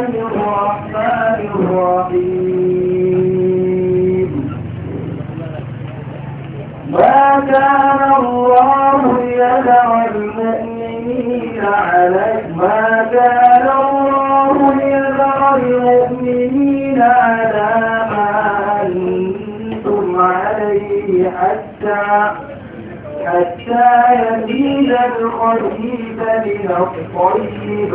الله الرحمن الرحيم ما كان الله يدع المؤمنين على ما كان الله يدع المؤمنين على ما أنتم عليه حتى حتى يزيد الخبيث من الطيب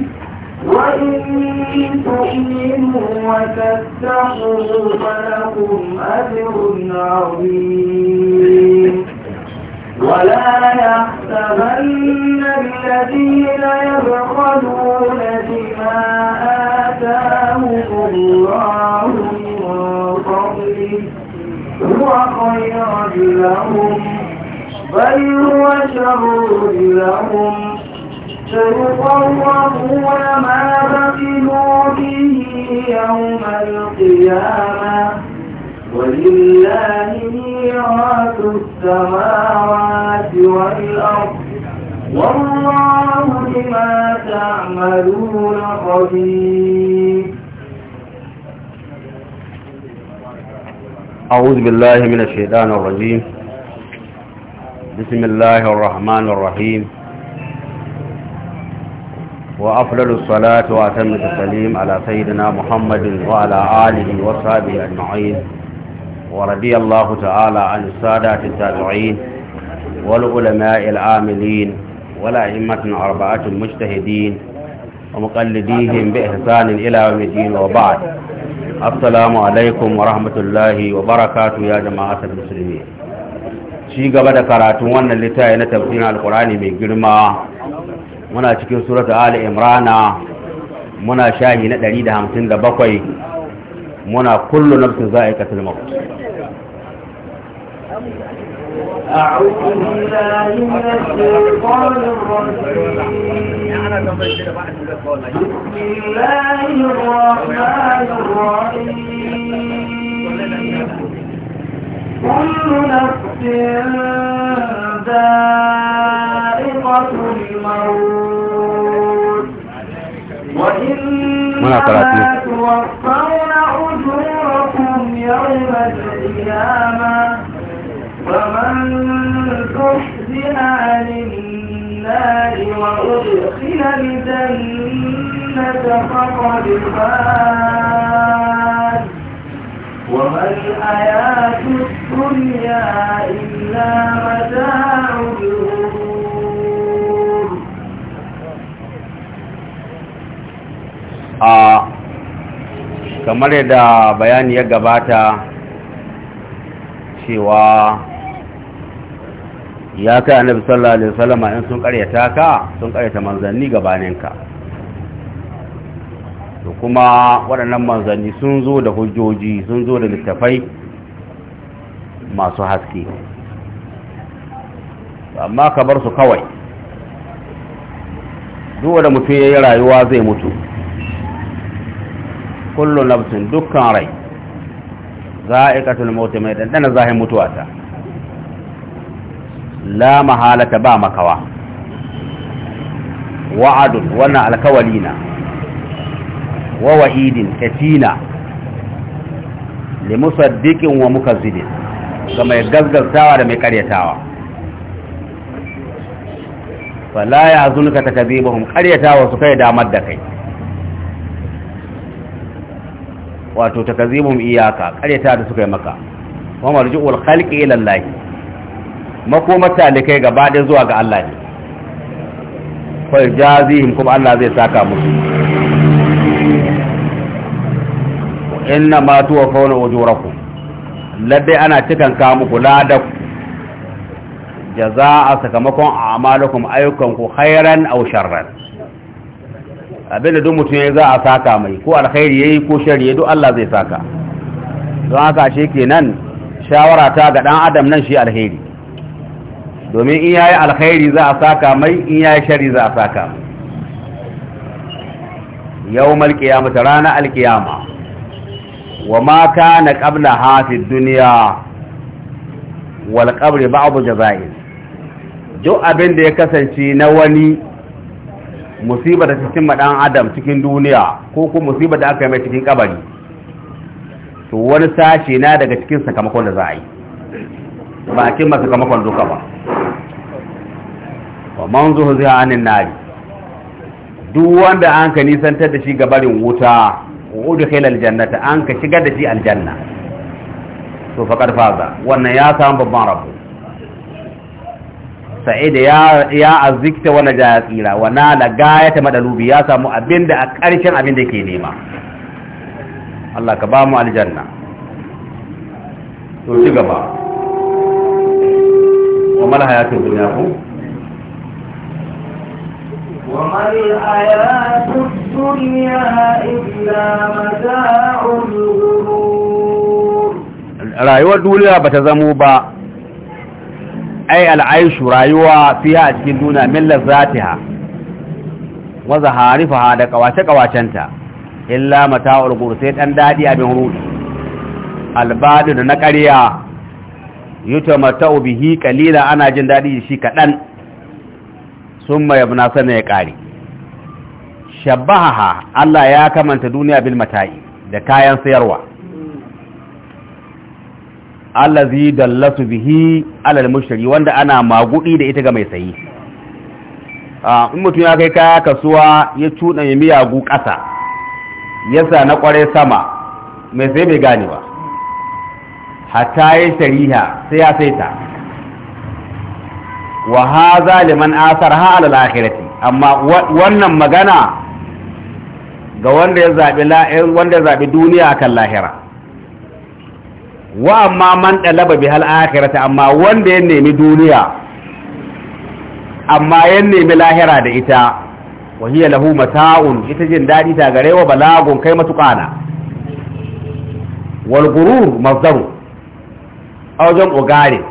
وإن تؤمنوا وتتقوا فلكم أجر عظيم ولا يحسبن الذين يبخلون بما آتاهم الله من فضله هو خير لهم بل هو شر لهم سيطوقون ما بخلوا به يوم القيامة ولله ميراث السماوات والأرض والله بما تعملون خبير أعوذ بالله من الشيطان الرجيم بسم الله الرحمن الرحيم وأفضل الصلاة وأتم التسليم على سيدنا محمد وعلى آله وصحبه أجمعين ورضي الله تعالى عن السادة التابعين والعلماء العاملين والأئمة أربعة المجتهدين ومقلديهم بإحسان إلى يوم الدين وبعد السلام عليكم ورحمة الله وبركاته يا جماعة المسلمين شيء قبل كراتون لتاين تفسير القرآن من جرمه muna cikin suratul ali imrana muna shahi na 157 muna kullu nafsin za'iqatul maut a'udhu billahi من الشيطان الرجيم بسم الله كل نفس ذائقة وإن الموت وإنما توفون أجوركم يوم القيامة فمن تحزن عن النار وأدخل الجنة فقد فات وما الحياة الدنيا إلا متاع الغرور a kamar yadda bayani ya gabata cewa ya kai annabi sallallahu alaihi wasallam in sun karyata ka sun karyata manzanni ka, to kuma waɗannan manzanni sun zo da hujjoji sun zo da littafai masu haske amma ka bar su kawai duk wanda mutum ya yi rayuwa zai mutu kullu nafsin dukkan rai za'iqatul maut mai dandana zahin mutuwa ta la mahalata ba makawa wa'adun wannan alkawalina wa wa'idin katina li musaddiqin wa mukazzibin ga mai gaggautawa da mai karyatawa fala ya zunka takazibahum karyatawa su kai damar da kai wato takazibum iyaka karyata da suka yi maka wa marji'ul khalqi ila Allah makomar talikai gaba ɗaya zuwa ga Allah ne kawai jazihim kuma Allah zai saka musu inna ma tuwa fauna ujuraku laddai ana cikan ka muku ladak jaza'a sakamakon a'malakum ayyukanku khairan aw sharran abin da duk mutum ya za a saka mai ko alkhairi yayi ko shari ya duk Allah zai saka don haka shi kenan shawara ta ga dan adam nan shi alkhairi domin in yayi alkhairi za a saka mai in yi shari za a saka mai malkiyama ta rana alkiyama wa ma na qablaha fi duniya wal qabri ba'd jaza'in duk abin da ya kasance na wani musibar da cikin madan adam cikin duniya ko kuma musibar da aka yi mai cikin kabari to wani sashe na daga cikin sakamakon da za a yi ba a cimma sakamakon duka ba wa man zuhu zai anin nari duk wanda an ka nisantar da shi barin wuta wudu kai aljannata an ka shigar da shi aljanna to faƙar faza wannan ya samu babban rabu sa'id ya ya azikta wani najaya tsira wa nala gayata madalubi ya samu abin da a karshen abin da ke nema Allah ka ba mu aljanna to ci gaba wa mal hayatul dunya ku wa mal hayatud dunya illa mata'ul ghurur rayuwar duniya bata zamo ba ai al'aishu rayuwa fiha a cikin duna min lazzatiha wa zaharifaha da kawace kawacenta illa mata'ul ghurur sai dan daɗi abin ruɗi albadu na ƙarya yutamata'u bihi kalila ana jin da shi kaɗan. summa yabna sana ya kare shabaha Allah ya kamanta duniya bil mata'i da kayan sayarwa allazi dallatu bihi alal mushtari wanda ana magudi da ita ga mai sayi ah, in mutum ya kai kaya kasuwa ya cuɗa ya miyagu ƙasa yasa na ƙware sama mai sai bai gane ba hatta ya shari'a sai ya saita wa haza liman asar ha alal akhirati amma wannan magana ga wanda ya eh, wanda ya zaɓi duniya akan lahira wa amma man dalaba bi hal akhirata amma wanda ya nemi duniya amma ya nemi lahira da ita wa hiya lahu mata'un ita jin dadi ta gare wa balagun kai matukana wal gurur mazdaru aw jam'u gare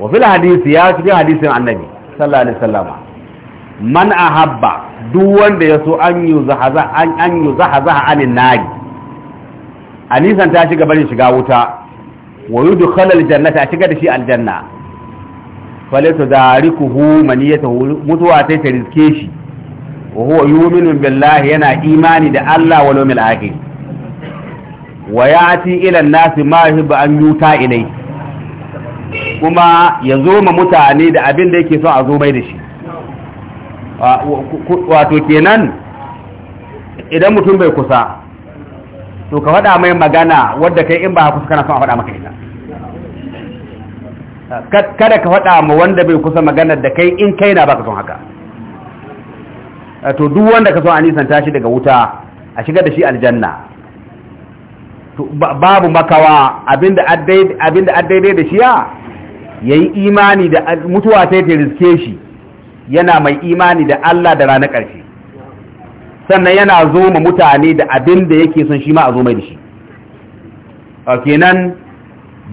wa fil hadisi ya fi hadisin annabi sallallahu alaihi wasallam man ahabba duk wanda ya so an yuzahaza an an yuzahaza anin a nisan ta shiga barin shiga wuta wa khalal aljannata a shiga da shi aljanna Fale fala tudarikuhu maniyatuhu mutuwa sai ta riske shi wa huwa yu'minu billahi yana imani da Allah wa yawmil akhir wa ya'ti ila an-nasi ma yuhibbu an yuta ilai kuma ya zo ma mutane da abin da yake son a zo mai da shi wato kenan idan mutum bai kusa to ka faɗa mai magana wadda kai in ba kusa kana son a faɗa maka ita kada ka faɗa ma wanda bai kusa magana da kai in kai na baka son haka to duk wanda ka son a nisan tashi daga wuta a shiga da shi aljanna babu makawa abinda addai da shiya ya yi imani da mutuwa sai ta riske shi yana mai imani da Allah da ranar ƙarshe sannan yana zo ma mutane da abin da yake son shi ma a zo mai da shi a kenan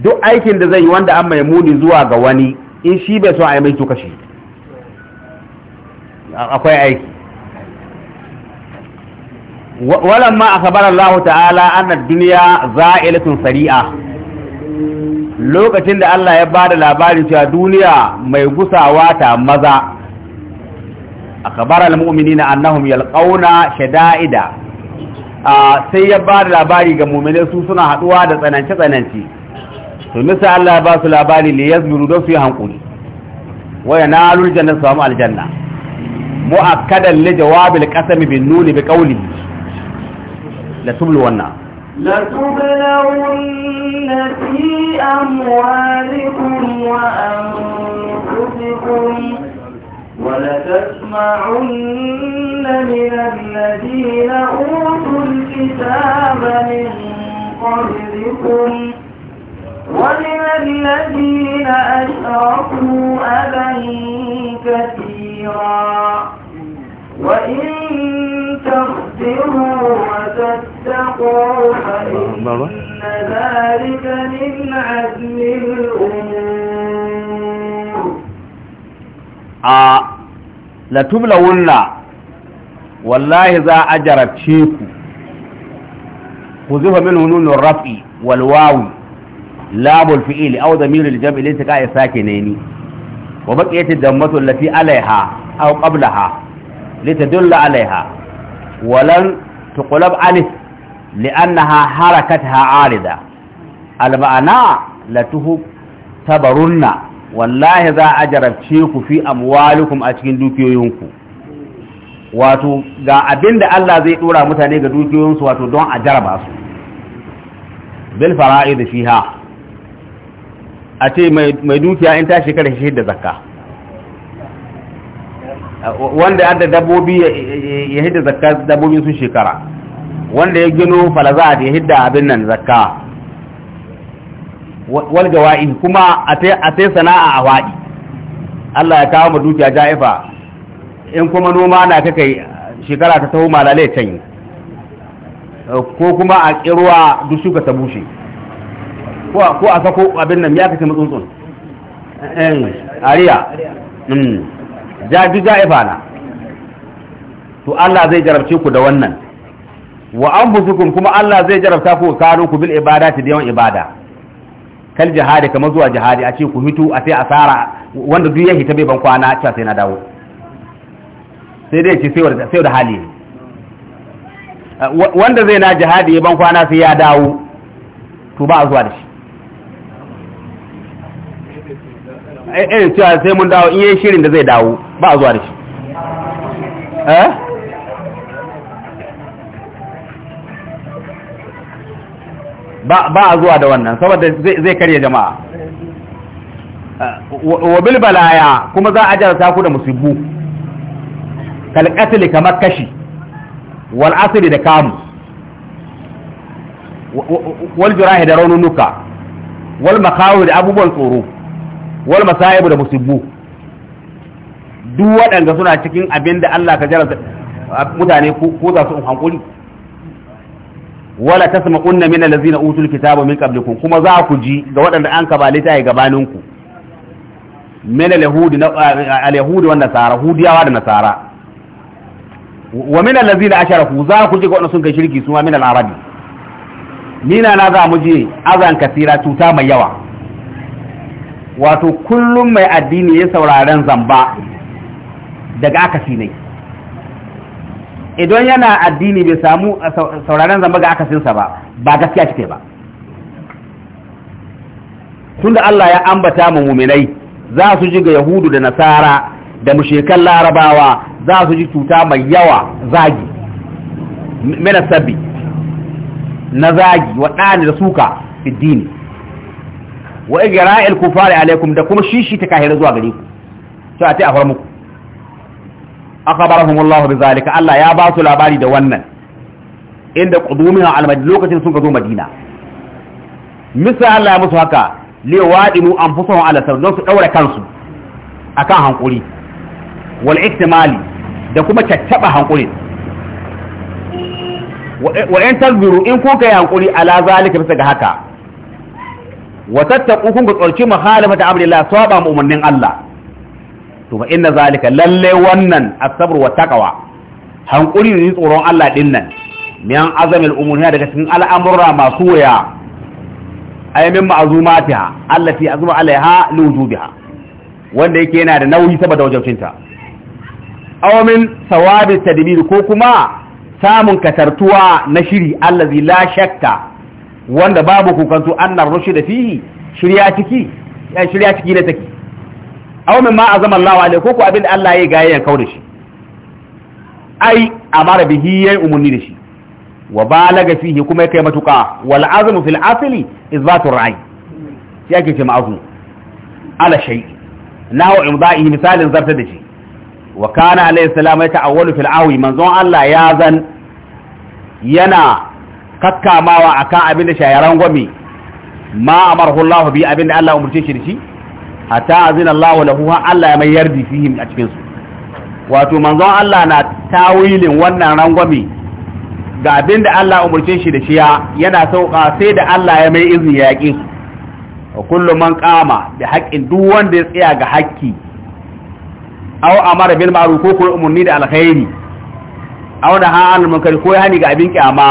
duk aikin da zai yi wanda an mai muni zuwa ga wani in shi bai so a yi mai tuka shi akwai aiki walan ma a sabar Allah ta'ala ana duniya za'ilatun sari'a lokacin da Allah ya ba da labarin cewa duniya mai gusawa ta maza akabar al-mu'minina annahum yalqauna shada'ida sai ya ba labari ga mu'minai su suna haduwa da tsanance tsanance to nisa Allah ya ba su labari li don su yi hankuri wa yanalu aljanna samu aljanna mu'akkadan li jawabil qasami bin wa ولتسمعن من الذين أوتوا الكتاب من قبلكم ومن الذين أشركوا أبا كثيرا وإن تخبروا وتتقوا فإن ذلك من عزم الأمور a Wunna, wallahi za a jarabce ku ku zufa min hununin rafi walwawu labul fi'ili aw damirul jam'i laysa ka ni. wa baqiyat dammatu allati alaiha aw qablaha litadulla alaiha walan tuqlab alif li'annaha harakatha arida al ma'ana latuhu tabarunna wallahi za a jarabce ku fi amwalukum a cikin dukiyoyinku wato ga abin da Allah zai dora mutane ga dukiyoyinsu wato don a jaraba su bil fara'id fiha a ce mai dukiya in ta shekara shi da zakka wanda da dabobi ya hidda zakka dabobin sun shekara wanda ya gino falazat ya hidda abin nan zakka wal gawa'in kuma a tai sana'a a waɗi Allah ya kawo mu dukiya ja'ifa in kuma noma na kai shekara ta taho malale can ko kuma a ƙirwa duk shuka ta bushe ko a sako abin nan ya kace mutsuntsun eh, eh, ariya hmm. ja duk ja'ifa na to Allah zai jarabce ku da wannan wa anfusukum kuma Allah zai jarabta ku kanu ku bil ibadati da yawan ibada kal jihadi kamar zuwa jihadi a ce ku hito a sai asara wanda duk ya hita bai ban kwana cewa sai na dawo sai dai ce sai da hali wanda zai na jihadi ya ban kwana sai ya dawo to ba a zuwa da shi eh, eh cewa sai mun dawo in yi shirin da zai dawo ba a zuwa da shi eh ba a zuwa da wannan saboda zai karya jama'a eh, wa bilbalaya kuma za a ta ku da musibbu kalƙatili kamar kashi wal asiri da kamu wal jirahi da raununuka wal makawu da abubuwan tsoro wal masayibu da musibbu duk waɗanda suna cikin abin da Allah ka jarta mutane ko za su hankuli wala kunna min allazina utul kitaba min qablikum kuma za ku ji ga waɗanda an kaba yi gabanin ku min alyahudi na alyahudi wan Sara, hudiyawa da nasara wa min allazina asharaku za ku ji ga waɗanda sun kai shirki su ma min al-arabi nina na za mu je azan kasira cuta mai yawa wato kullum mai addini ya sauraren zamba daga akasi ne idan yana addini bai samu sauraren zamba ga akasinsa ba ba gaskiya cike ba Tun da Allah ya ambata mu muminai za su ji ga yahudu da nasara da mushekan larabawa za su ji cuta mai yawa zagi mena sabbi na zagi waɗani da suka fi wa igra'il kufari alaikum da kuma shishi ta kahira zuwa gare ku sai a ta afar muku akhbarahum Allah bizalika Allah ya ba su labari da wannan inda qudumiha al lokacin sun zo Madina misa Allah ya musu haka li wadimu anfusahum ala sar don su daura kansu akan hankuri wal iktimali da kuma caccaba hankurin wa in tazbiru in kun kai hankuri ala zalika bisa ga haka wa tattaqu kun ga tsorci muhalafata amrillah saba mu umarnin Allah to inna zalika lalle wannan asabr wa taqwa hankuri ne tsoron Allah din nan miyan azamil umuriya daga cikin al'amurra masu waya ay min ma'zumatiha allati azma alaiha liwujubiha wanda yake yana da nauyi saboda wajabcinta aw min sawabi tadbir ko kuma samun katartuwa na shiri allazi la shakka wanda babu kukanto annar rushida fihi shirya ciki ya shirya ciki ne take aw min ma azama Allahu alaihi ko ko abin da Allah ya gaya ya kawo da shi ai amara bihi ya umurni da shi wa balaga fihi kuma ya kai matuka wal azmu fil asli izbatu ra'i shi ake ce ma'azmu ala shay nahu imdahi misalin zarta da shi wa kana alayhi salam ya ta'awwalu fil awi manzon Allah ya zan yana kakkamawa akan abin da shayaran gwami ma amarhu Allah bi abin da Allah umurce shi da shi hatta azina wa lahu Allah ya mai yardi fihim a cikin su wato manzon Allah na tawilin wannan rangwame ga abinda da Allah umurce shi da shiya yana sauka sai da Allah ya mai izini ya yaƙi su kullu man qama da haqqin duk wanda ya tsaya ga haƙƙi aw amara bil ma'ruf ko kuma umurni da alkhairi aw da ha'al munkari ko ya hani ga abin kyama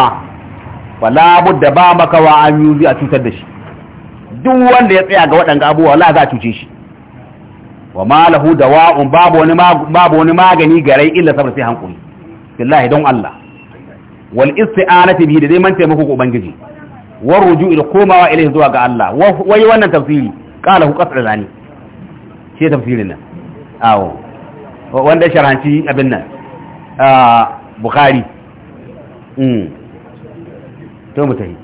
wala budda ba maka wa an yuzi a cutar da shi duk wanda ya tsaya ga waɗanga abubuwa Allah za a cuce shi wa malahu da wa'un babu wani babu wani magani garai illa sabar sai hankuli billahi don Allah wal isti'anati bihi da dai man taimako ko ubangiji war ruju da komawa ilaihi zuwa ga Allah wai wannan tafsiri qala hu qasr zani shi tafsirin nan awo wanda sharanci abin nan ah, bukhari mm to mutai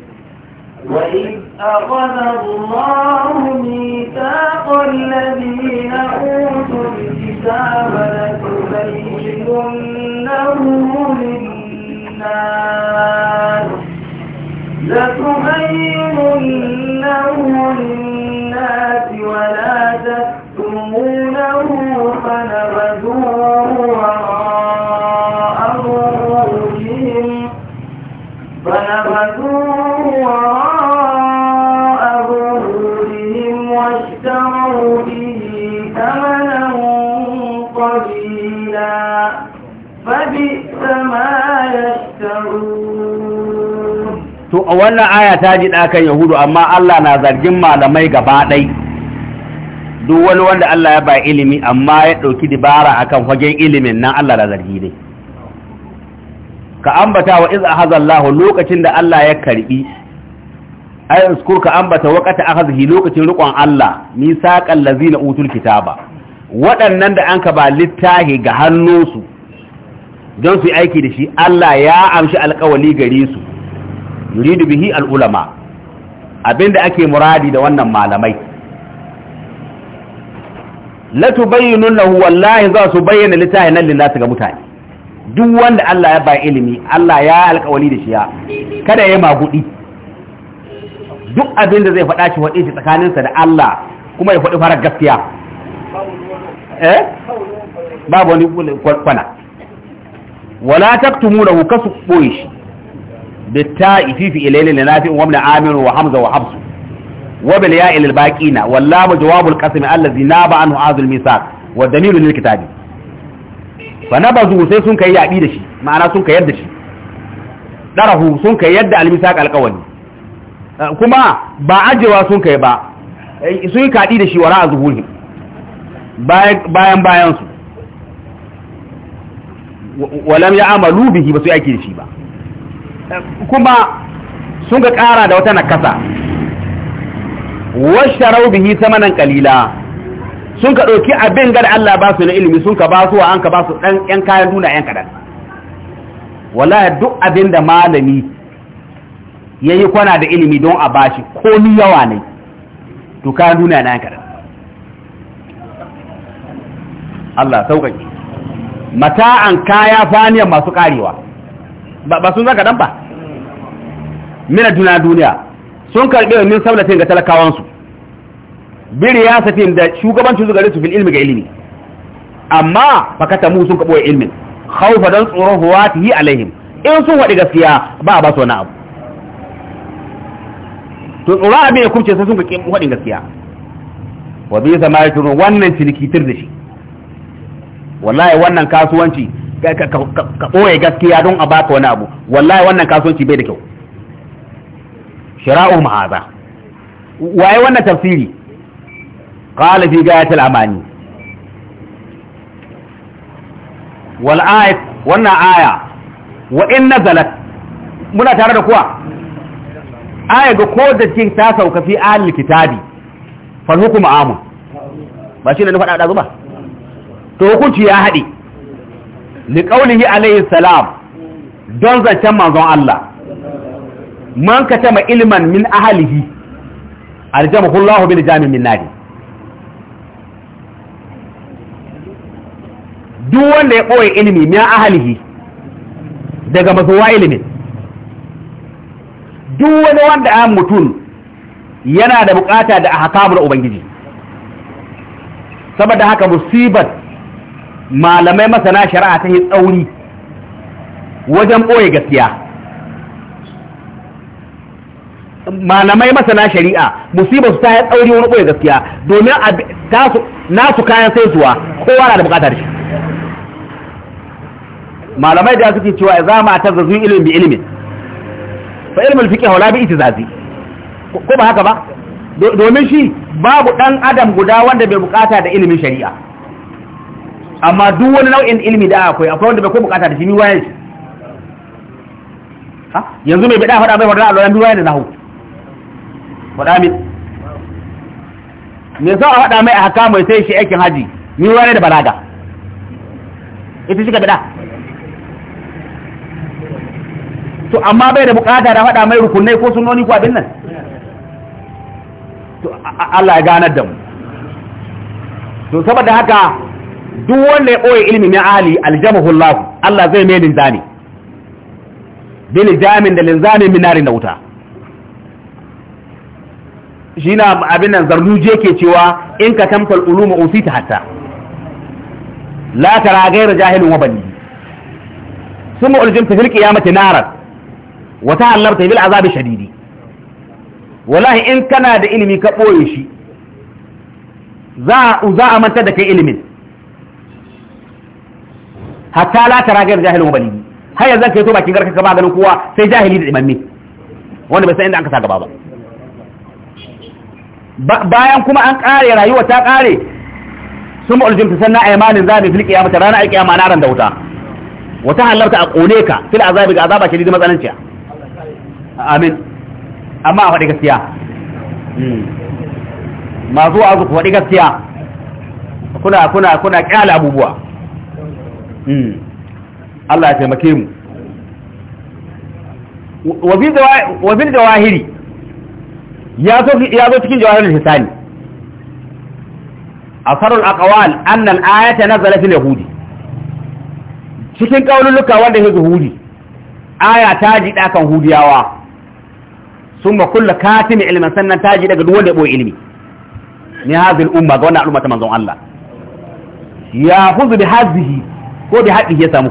وإذ أخذ الله ميثاق الذين أوتوا الكتاب لتبيننه للناس to a wannan aya ta ji ɗakan yahudu amma Allah na zargin malamai gaba ɗai duk wani wanda Allah ya ba ilimi amma ya ɗauki dibara akan fagen ilimin nan Allah na zargi ne ka ambata wa iz ahazallahu lokacin da Allah ya karbi ay uskur ka ambata waqata ahazihi lokacin riƙon Allah misaqal lazina utul kitaba waɗannan da an ka ba littahi ga hannunsu don su aiki da shi Allah ya amshi alƙawali gare su yuridu bihi al'ulama abinda ake muradi da wannan malamai latu bayyinun lahu wallahi za su bayyana littafi nan lillahi ga mutane duk wanda Allah ya ba ilimi Allah ya alƙawari da shi ya kada ya magudi duk abinda zai faɗa shi waɗe shi tsakaninsa da Allah kuma ya faɗi farar gaskiya eh babu wani kwana wala taktumu lahu kasu boye shi بالتاء في في إليل لنافع وابن عامر وحمزة وحبس وبالياء للباقين واللام جواب القسم الذي ناب عنه هذا الميثاق والدليل للكتاب فنبذوا سي سنك يعدي دشي معنى سنك يد دشي darahu sun kai yadda almisaq alqawli kuma ba ajewa sun kai ba sun kadi da shi wara a zuhuri bayan bayan su walam ya amalu bihi ba su yake da shi ba kuma sun ga ƙara da wata nakasa washarau ta samanan kalila sun ka ɗauki abin gada Allah ba su na ilimi sun ka ba su wa an ka ba su ɗan ƴan kayan duna ƴan kaɗan wallahi duk abin da malami ya yi kwana da ilimi don a bashi ko ni yawa ne to kayan duna na ƴan kaɗan Allah sauƙaƙi mata'an kaya faniyan masu ƙarewa ba sun zaka ɗan ba mina duna duniya sun karɓe min sablatin ga talakawansu biri ya satin da shugabancin su gare su fil ilmi ga ilimi amma fakata mu sun kaɓo ilmin khawfa don tsoron huwatihi alaihim in sun waɗi gaskiya ba a ba su wani abu to tsoron abin ya kumce sai sun ka waɗin gaskiya wa bi zama ya wannan ciniki tir da shi wallahi wannan kasuwanci ka ɓoye gaskiya don a baka wani abu wallahi wannan kasuwanci bai da kyau shira'u ma'aza waye wannan tafsiri qala fi gayatil amani wal ayat wannan aya wa in nazalat muna tare da kuwa aya ga ko da cikin ta sauka fi ahli kitabi fal hukmu amun ba shi ne na faɗa da zuba to hukunci ya haɗe li qaulihi alayhi salam don zancen manzon Allah man ka tama ilman min ahlihi aljamahu Allah bil jami min nadi duk wanda ya ɓoye ilimi min ahlihi daga mazuwa ilimin duk wani wanda a mutum yana da bukata da ahkamul ubangiji saboda haka musibar malamai masana shari'a ta yi tsauri wajen boye gaskiya malamai masana shari'a musiba su ta yi tsauri wani ɓoye gaskiya domin nasu kayan sai zuwa kowa na da bukatar shi malamai da suke cewa za ma ta zazu ilimin bi ilimin fa ilimin fiƙe hula bi iti zazi ko ba haka ba domin shi babu ɗan adam guda wanda bai bukata da ilimin shari'a amma duk wani nau'in ilimi da akwai akwai wanda bai ko bukata da shi ni wayan shi yanzu mai bada faɗa bai faɗa a lura ni wayan da nahu faɗa mai me za a haɗa mai a haka mai sai shi aikin haji ni wani da balaga ita shi ka bida to amma bai da bukata da haɗa mai rukunai ko sunoni ko abin nan to Allah ya ganar da mu to saboda haka duk wanda ya ɓoye ilmi mai ali aljamahu Allah Allah zai mai linzami Bili jamin da linzamin minari na wuta shi na abin nan zarnuje ke cewa in ka tamfal uluma usi ta hatta la tara gairar jahilin wa bani sun ma'uljin ta filki ya mace narar wata hallar ta bil azabi shadidi wallahi in kana da ilimi ka ɓoye shi za a manta da kai ilimin hatta la tara gairar jahilin wa bani har yanzu ka yi to bakin garka ka ba ganin kowa sai jahili da imammi wanda bai san inda an ka sa gaba ba bayan kuma an kare rayuwa ta kare sun ma'uljin ta sanna imanin zabi fil ta rana al qiyama naran da wuta wata halarta a kone ka fil azabi ga azaba da matsananciya amin amma a faɗi gaskiya hmm. masu azu ku faɗi gaskiya kuna kuna kuna kyala abubuwa hmm. Allah ya taimake mu wa fil jawahiri ya zo ya zo cikin jawahirul hisani a aqwal anna al-ayata nazalat lil hudi. cikin kaululuka wanda yake hudi, aya ta ji ɗakan hudiyawa summa kullu katin ilman sannan ta ji daga duk wanda ya ɓoye ilimi ni hadhihi al-umma ga wannan al'umma ta manzon Allah ya huzu bi hadhihi ko bi hadhihi ya samu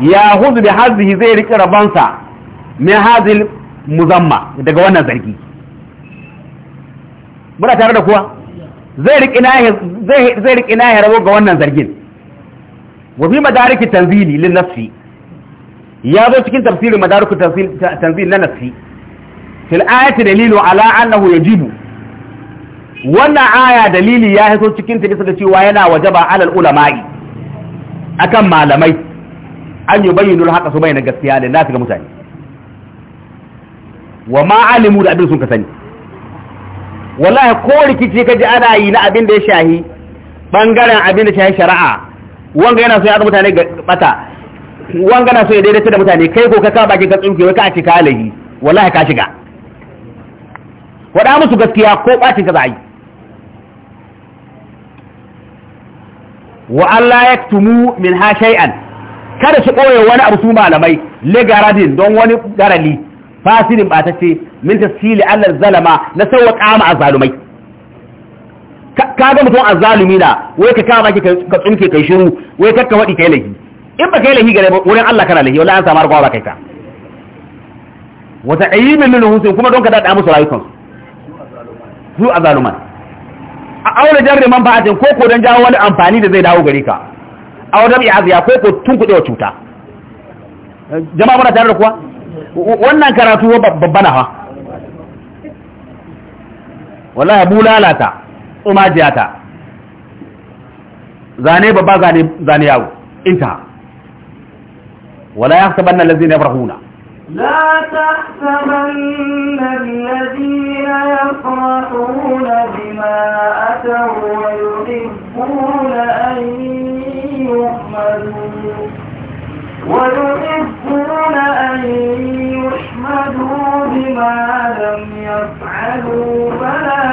ya huzu bi hadhihi zai rike rabansa min hadhihi muzamma daga wannan zargi muna tare da kuwa zai riƙi na ya rabo ga wannan zargin wafi madarikin tanzili lin nafsi ya zo cikin tafsirin madarikin tanzili na nafsi fil ayati dalilu ala annahu yajibu wannan aya dalili ya hito cikin ta da cewa yana wajaba alal ulama'i akan malamai an yi bayyana haka su bayyana gaskiya da nafi ga mutane wa ma alimu da abin sun ka sani wallahi ko rikici kaji ana yi na abin da ya shahi bangaren abin da shahi shari'a wanga yana so ya mutane ga bata wanga na so ya daidaita da mutane kai ko ka ka baki ka tsinke wai ka ci kalahi wallahi ka shiga wada musu gaskiya ko bacin ka zai wa Allah ya tumu min ha shay'an kada su koye wani abu su malamai le garadin don wani garali fasirin ba ta ce min tasili Allah, zalama na a zalumai. Ka ga mutum a zalumi na wai ka kama ki ka tsunke kai shiru wai ka ka wadi kai lahi in ba kai lahi gare ba wurin Allah kana lahi wallahi an samu arkawa ba kai ta wata ayyimin nuna husin kuma don ka daɗa musu rayukan su zaluman. a aure jarri manfa'atin ko ko don jawo wani amfani da zai dawo gare ka a wajen ya aziya ko ko tun kuɗewa cuta jama'a muna tare da kuwa wannan karatu babba ha? fa wallahi bulalata umajiyata zane babba zane zane yawo inta wala yahsabanna allazina yafrahuna لا تحسبن الذين يفرحون بما أتوا ويحبون أن يحمدوا ويحبون أن يحمدوا بما لم يفعلوا فلا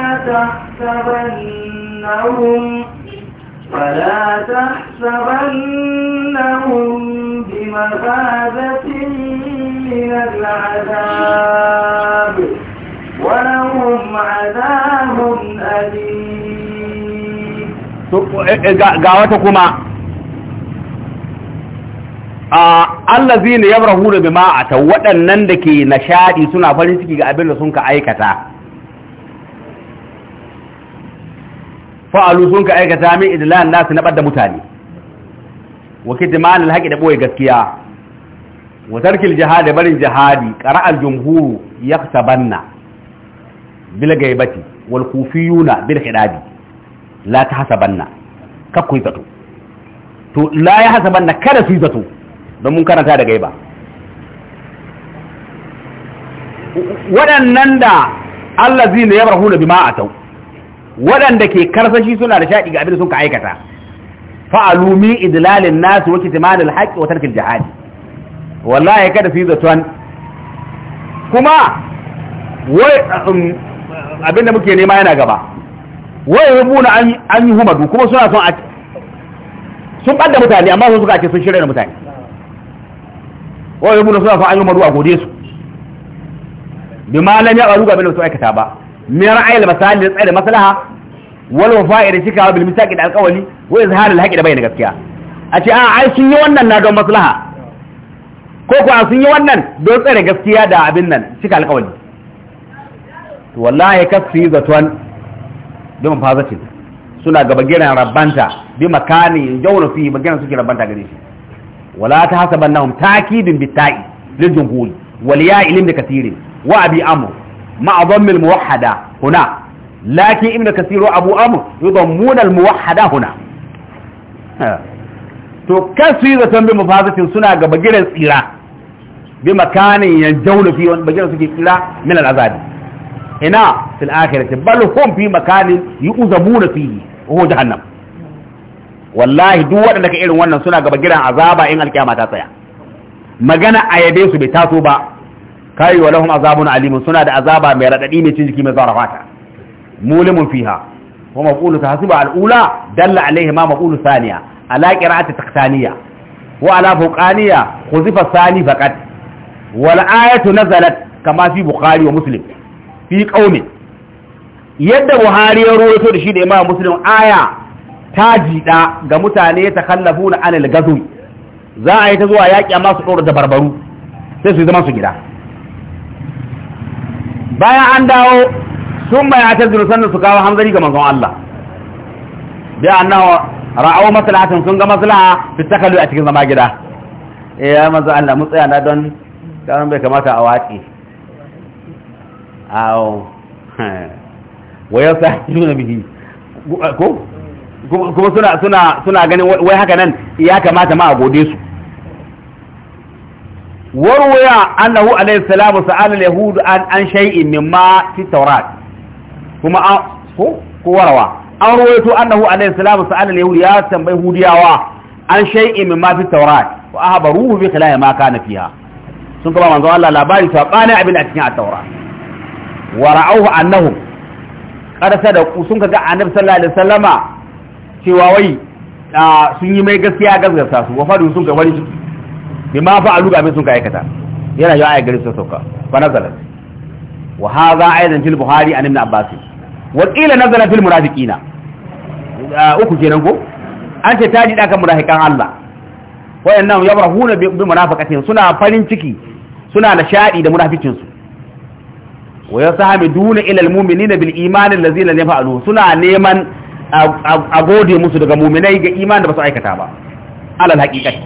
تحسبنهم فلا تحسبنهم بمثابة من العذاب ولهم عذاب أليم ga allazi ne ya rahu da bima waɗannan da ke nashaɗi suna farin ciki ga abin da sun ka aikata fa'alu sun ka aikata min idlan nasu na ɓadda mutane wa kitman haƙi da boye gaskiya wa tarkil jihad barin jihadi qara'a al-jumhur yaktabanna bil gaibati wal kufiyuna bil hidabi la ta hasabanna tahsabanna yi zato to la ya hasabanna kada su yi zato don mun karanta da gaiba waɗannan da Allah zai ne ya barhu da bima a tau waɗanda ke karsashi suna da shaɗi ga abin sun ka aikata fa'alumi idilalin idlalin nasu wake kitmanil haƙƙi wa tarkin jihadi wallahi kada su yi zaton kuma um, abin abinda muke nema yana gaba wai yubuna an yi humadu kuma suna son sun ɓadda mutane amma sun suka ce sun shirya da mutane wa yubuna suna fa an yi maru a gode su bi ma lam ya ruga bin su aikata ba min ra'ayil masal da tsaye da maslaha wal wafa'i da cikawa bil misaqi da alqawli wa izhar al haqi da bayyana gaskiya a ce a ai sun yi wannan na don maslaha ko kuwa sun yi wannan don tsare gaskiya da abin nan cika alƙawari to wallahi kasu yi zaton domin fazacin suna gaba giran rabanta bi makani jauna fi magiran suke rabanta gare shi wala ta hasabannahum ta'kidun bitta'i lil jumhur wal ya'i lil kathir wa abi amr ma dhamm al muwahhada huna lakin ibn kathir wa abu amr yudammuna al muwahhada huna to kasu yi zaton bin mafazatin suna ga bagiran tsira bi makanin ya jaula fi wani bagiran suke tsira min al ina fil akhirati makanin yu'zabuna fihi jahannam wallahi duk waɗanda ka irin wannan suna gaba gidan azaba in alkiyama ta tsaya magana a yabe su bai taso ba kai wa lahum azabun alimun suna da azaba mai radadi mai cin jiki mai zarafata mulimun fiha wa maqulu tahsiba al-ula dalla alayhi ma maqulu thaniya ala qira'ati taqtaniya wa ala fuqaniya khuzifa thani faqat wal ayatu nazalat kama fi bukhari wa muslim fi qaumin yadda buhari ya rawaito da shi da imam muslim aya ta jiɗa ga mutane ta kallafu na anil gazu za a yi ta zuwa yaƙi amma su ɗora da barbaru sai su yi zaman su gida bayan an dawo sun bai hatar zuru sannan su kawo hanzari ga manzon Allah bi annahu ra'aw maslahatin sun ga maslaha fi takallu a cikin zama gida eh ya manzo Allah mu tsaya na don karan bai kamata a waƙi aw wa yasahiduna bihi ko kuma suna suna suna ganin wai haka nan ya kamata ma a gode su warwaya annahu alayhi salamu sa'ala yahud an an shay'in ma fi tawrat kuma an ko ko warawa an rawaito annahu alayhi salamu sa'ala yahud ya tambayi hudiyawa an shay'in ma fi tawrat wa ahbaruhu bi khilafi ma kana fiha sun kuma manzo Allah labari ta bana abin a cikin at-tawrat wa ra'awhu annahum qad sadaqu sun kaga annabi sallallahu alaihi wasallama cewa wai sun yi mai gaskiya gasgasa su wafa da sun kamar shi bi ma fa aluga min sun ka aikata yana yawa ayat gari sun sauka fa nazalat wa hadha aidan fil buhari an ibn abbas wa qila nazalat fil munafiqina uku kenan ko an ce taji da kan munafiqan Allah wayannan yabrahuna bi munafiqatin suna farin ciki suna nishadi da munafikin su wa yasahamiduna ila al mu'minina bil iman allazina yafa'alu suna neman a gode musu daga muminai ga iman da ba su aikata ba alal haƙiƙai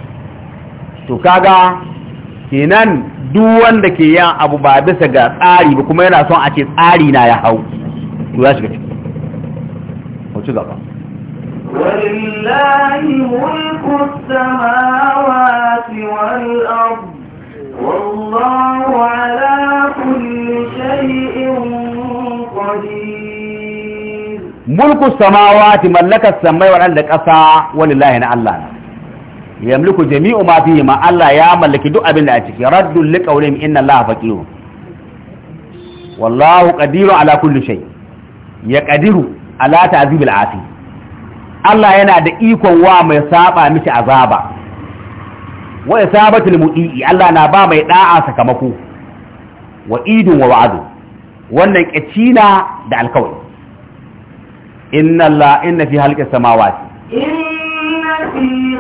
to kaga kenan duk wanda ke yan abu ba bisa ga tsari ba kuma yana son a ce tsari na ya hau to ya shiga ciki ko ci gaba ولله ملك السماوات والأرض والله على كل شيء قدير mulku samawati mallakar samai waɗanda ƙasa wani lahi na Allah na yamliku jami'u ma fihi ma Allah ya mallaki duk abin da a ciki raddul liqawlihim inna Allah faƙiru. wallahu ƙadiru ala kulli shay ya ƙadiru, ala ta'zibil asi Allah yana da ikon wa mai saba miki azaba wa isabatul mudi'i Allah na ba mai da'a sakamako wa idun wa wa'adu wannan kacina da alkawari إن الله إن في خلق السماوات إن في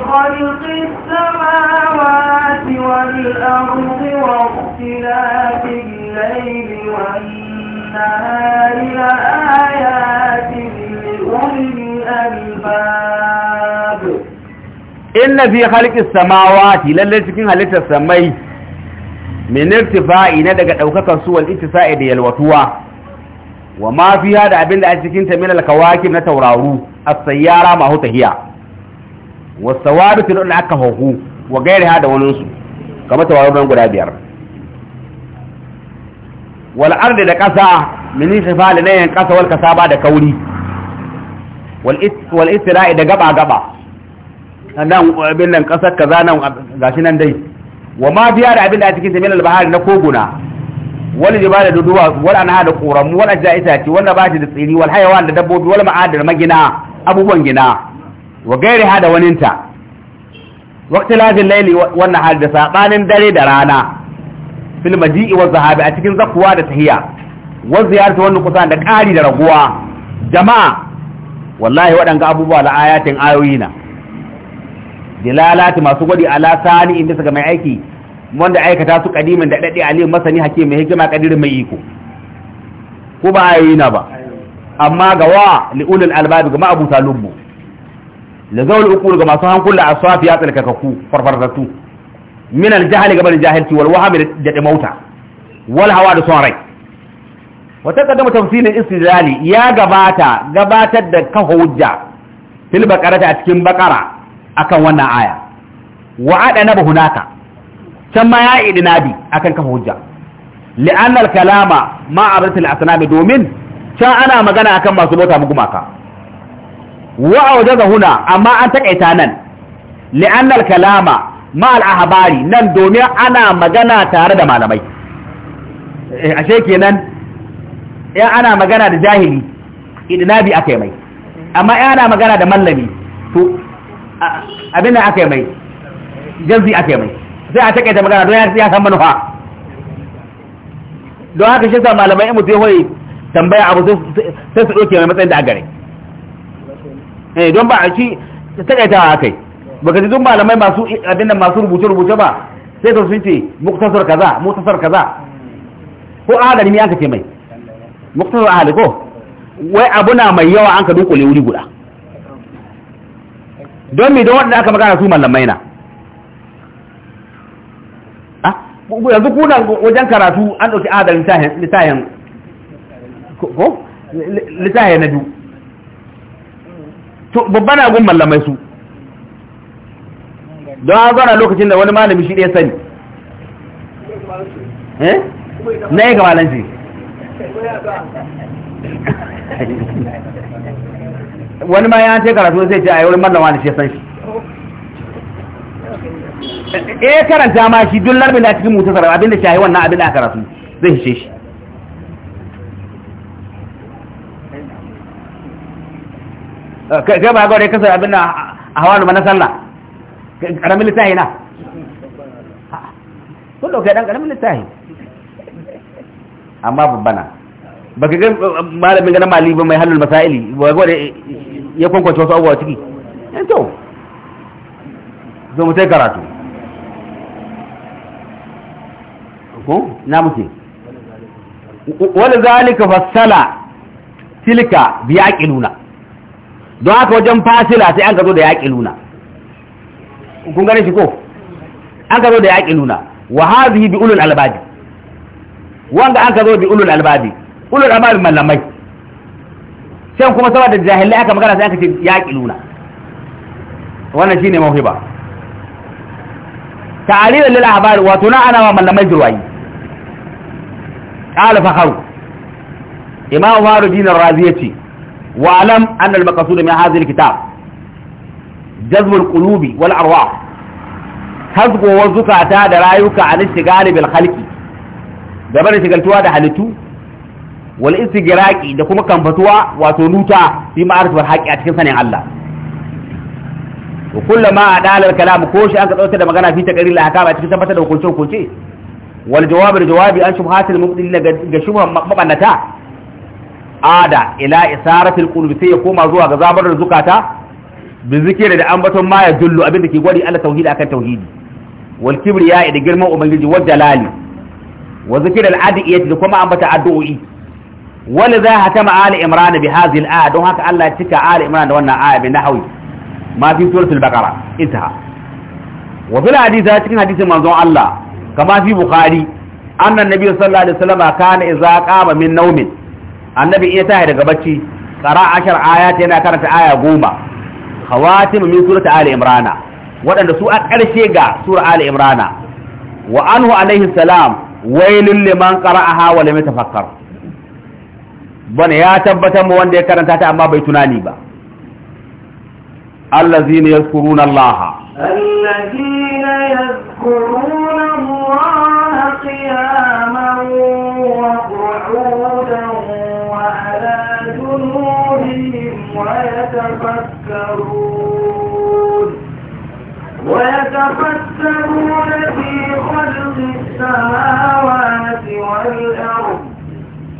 خلق السماوات والأرض واختلاف الليل والنهار لآيات لأولي الألباب إن في خلق السماوات للذي كان خلق السماوات من ارتفاعي أو الأوكاكا سوى الاتفاع دي الوطوة wa ma fiha da abinda a cikin ta min al na tauraru as-sayyara ma huwa tahiya wa sawabit da aka hahu wa gairiha da wani su kamar tauraron guda biyar wal ardi da kasa min khifal na yan kasa wal kasaba da kauri wal istira'i da gaba gaba nan abin nan kasar kaza nan gashi nan dai wa ma fiha da abinda a cikin ta min albahari na koguna wal jibala da duwa wal anha da koramu wal ajaita ce wal nabati da tsiri wani hayawan da dabbobi wani ma'adar magina abubuwan gina wa gairi ha da waninta waqtilafin laili wan hal da sabanin dare da rana fil maji'i wa zahabi a cikin zakuwa da tahiya wa ziyarta wannan kusan da ƙari da raguwa jama'a wallahi waɗanga abubuwa la ayatin na dilalati masu gwadi ala sani inda suka mai aiki wanda aikata su kadimin da dade alim masani hakim mai hikima kadir mai iko ko ba ayi na ba amma ga wa liulul albab ga ma'abuta lumbu la zawul uqul ga masu hankula aswafi ya tsalkakaku farfarzatu min aljahli ga ban jahilci wal wahmi da da mauta wal hawa da son rai wa taqaddama tafsilin istidlali ya gabata gabatar da kafa hujja fil baqarata a cikin baqara akan wannan aya wa adana hunaka can ma ya idi nabi akan kafa hujja al kalama ma abratul asnami domin can ana magana akan masu bauta mu gumaka wa awjaza huna amma an takaita nan al kalama ma al ahbari nan domin ana magana tare da malamai eh, ashe kenan in ana magana da jahili idinabi akai mai amma in ana magana da mallami to abin da akai mai jazzi akai mai sai a takaita magana don ya san manufa don haka shi sa malamai in mutum hoyi tambaya abu sai su ɗauke mai matsayin da a gare eh don ba a shi takaita a kai baka ji duk malamai masu abin masu rubuce-rubuce ba sai su sun ce muktasar kaza muktasar kaza ko ahadari ne ka ce mai muktasar ahadi ko wai abu na mai yawa an ka dunkule wuri guda don mi don waɗanda aka magana su malamai na yanzu kuna wajen karatu an ɗauki adar litayen ko litayen na biyu to babba na gun mallamai su don an zana lokacin da wani malami shi ɗaya sani eh? na yi lansi wani ma ya ce karatu sai ce a yi wani mallama da shi ya san shi eh karanta ma shi duk larbin da cikin mutasar abinda shahi wannan abin da karatu zai hishe shi eh, kai ba gawar kasar abin da a hawa numa na sallah karamin littahi na sun dauka dan karamin littahi amma babbana ba ka ga malamin ganin mali ba mai halin masaili ba gawar ya kwankwanci wasu abuwa ciki yan eh, kyau zo mu sai karatu ko na muke wani zalika fassala tilka bi yaqiluna don haka wajen fasila sai an gazo da yaqiluna kun gane shi ko an gazo da yaqiluna wa hadhihi bi ulul albabi wanda an gazo bi ulul albabi ulul albabi mallamai sai kuma saboda jahilai aka magana sai aka ce yaqiluna wannan shine mawhiba ta'alilul lil ahbar wa tuna ana wa mallamai jirwayi qala fakharu imam faruddin ar-razi yace wa alam anna al-maqsud min hadhihi al-kitab jazb al-qulubi wal arwah hazgo zukata da rayuka an istigali bil khalqi gaba da shigaltuwa da halittu wal istigraqi da kuma kamfatuwa wato nuta fi ma'arifatul haqqi a cikin sanin Allah wa kullama adala al-kalam ko shi an ka dauke da magana fi taqrir al-ahkam a cikin tabbatar da hukunce hukunce wal jawabi jawabi an shubhatil mubdil ga shubhan mabannata ada ila isaratil qulbi sai ya koma zuwa ga da zukata bi zikira da ambaton ma ya dullu abinda ke gwadi Allah tauhidi akan tauhidi wal kibriya da girman ubangiji wal jalali wa zikira al adiyati da kuma ambata addu'o'i wal za hatama ali imran bi hadhihi al aya don haka Allah ya cika ali imran da wannan aya bi nahwi ma fi suratul baqara intaha wa cikin hadisin manzon Allah kama fi bukhari annan nabi sallallahu alaihi wasallam kana idza qama min naumin annabi iya tashi daga bacci qara ashar ayat yana karanta aya goma khawatim min surati ali imrana waɗanda su a ƙarshe ga sura ali imrana wa alhu alaihi salam wailul liman qara'aha wa lam yatafakkar bane ya tabbatar mu wanda ya karanta ta amma bai tunani ba allazina yazkuruna allaha allazina yazkuruna قياما وقعودا وعلى جنوبهم ويتفكرون ويتفكرون في خلق السماوات والأرض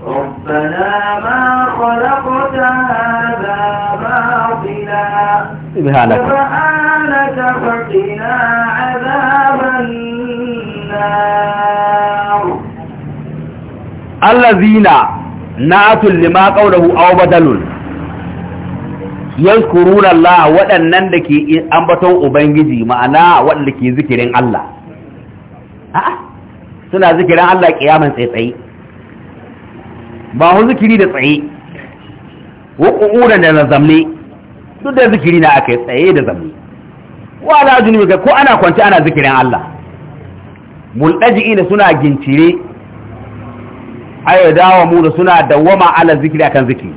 ربنا ما خلقت هذا باطلا سبحانك فقنا عذاب النار allazina na'atul lima qawluhu aw badalun yazkuruna Allah waɗannan da ke ambaton ubangiji ma'ana waɗanda ke zikirin Allah a'a suna zikirin Allah kiyaman tsaye ba hu zikiri da tsaye wa qu'udan da zamne duk da zikiri na akai tsaye da zamne wa ala ajnubi ko ana kwanci ana zikirin Allah muldaji'ina suna gincire dawa mu da suna dawama ala zikri akan zikri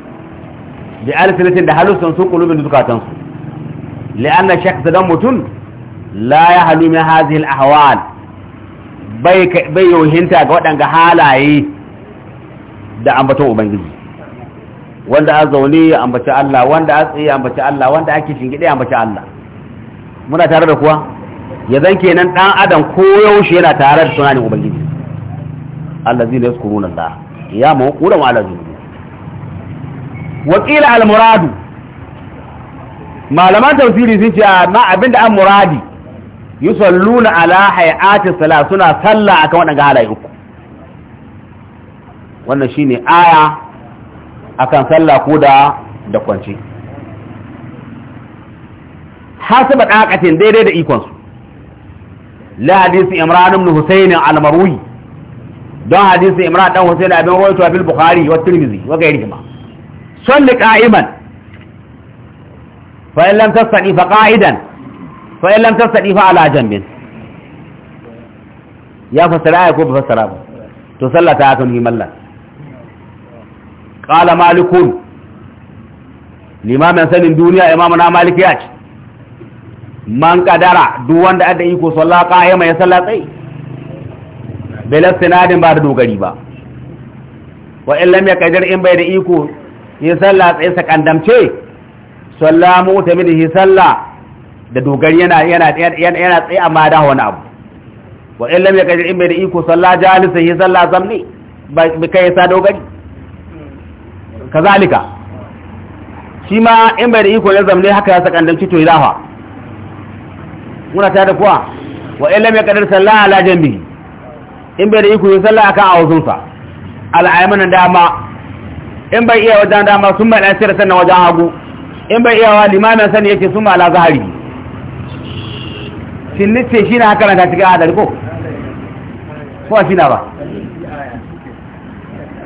bi alfilatin da halusan su kulubin zukatan su li'anna shakhs dan mutun la yahlu min hadhihi al-ahwal bai bai yohinta ga wadanga halaye da ambaton ubangiji wanda a zaune ya ambaci Allah wanda a tsaye ya ambaci Allah wanda ake shingide ya ambaci Allah muna tare da kuwa ya zan kenan dan adam ko yaushe yana tare da tunanin ubangiji allazina yazkuruna ya qiyaman wa qu'udan wa ala junubihim wa wakila al muradu malaman tafsiri sun ce amma abinda an muradi yusalluna ala hayati salat suna sallah akan wadannan halaye uku wannan shine aya akan sallah ko da da kwanci hasaba dakatin daidai da ikonsu su la hadisi imran ibn husayn al-marwi don hadisin imran dan husayn abin rawaito bil bukhari wa tirmidhi wa ghairihima salli qa'iman fa in lam tastati fa qa'idan fa in lam tastati fa ala janbin ya fasara ya ko ba fasara ba to sallata akan himalla qala malikun limamin sanin duniya imamuna maliki ya ce man kadara duk wanda ada iko sallah qa'ima ya sallatsai bela sinadin ba da dogari ba wa in lam yaqdir in bai da iko ya sallah tsaye sa kandamce sallamu ta hi sallah da dogari yana yana yana tsaye amma da wani abu wa in lam yaqdir in bai da iko sallah jalisa hi sallah zamni bai kai sa dogari kazalika shi ma in bai da iko ne zamne haka ya sa kandamce to ya dafa muna ta da kuwa wa in lam yaqdir sallah ala jambihi in bai da iko yin sallah akan awuzunsa al'aymanin dama in bai iya wajen dama sun mai ɗan sirar sannan wajen hagu in bai iya wa limamin sani yake sun ma ala zahari shinnice shi na haka ranta cikin adal ko ko shi na ba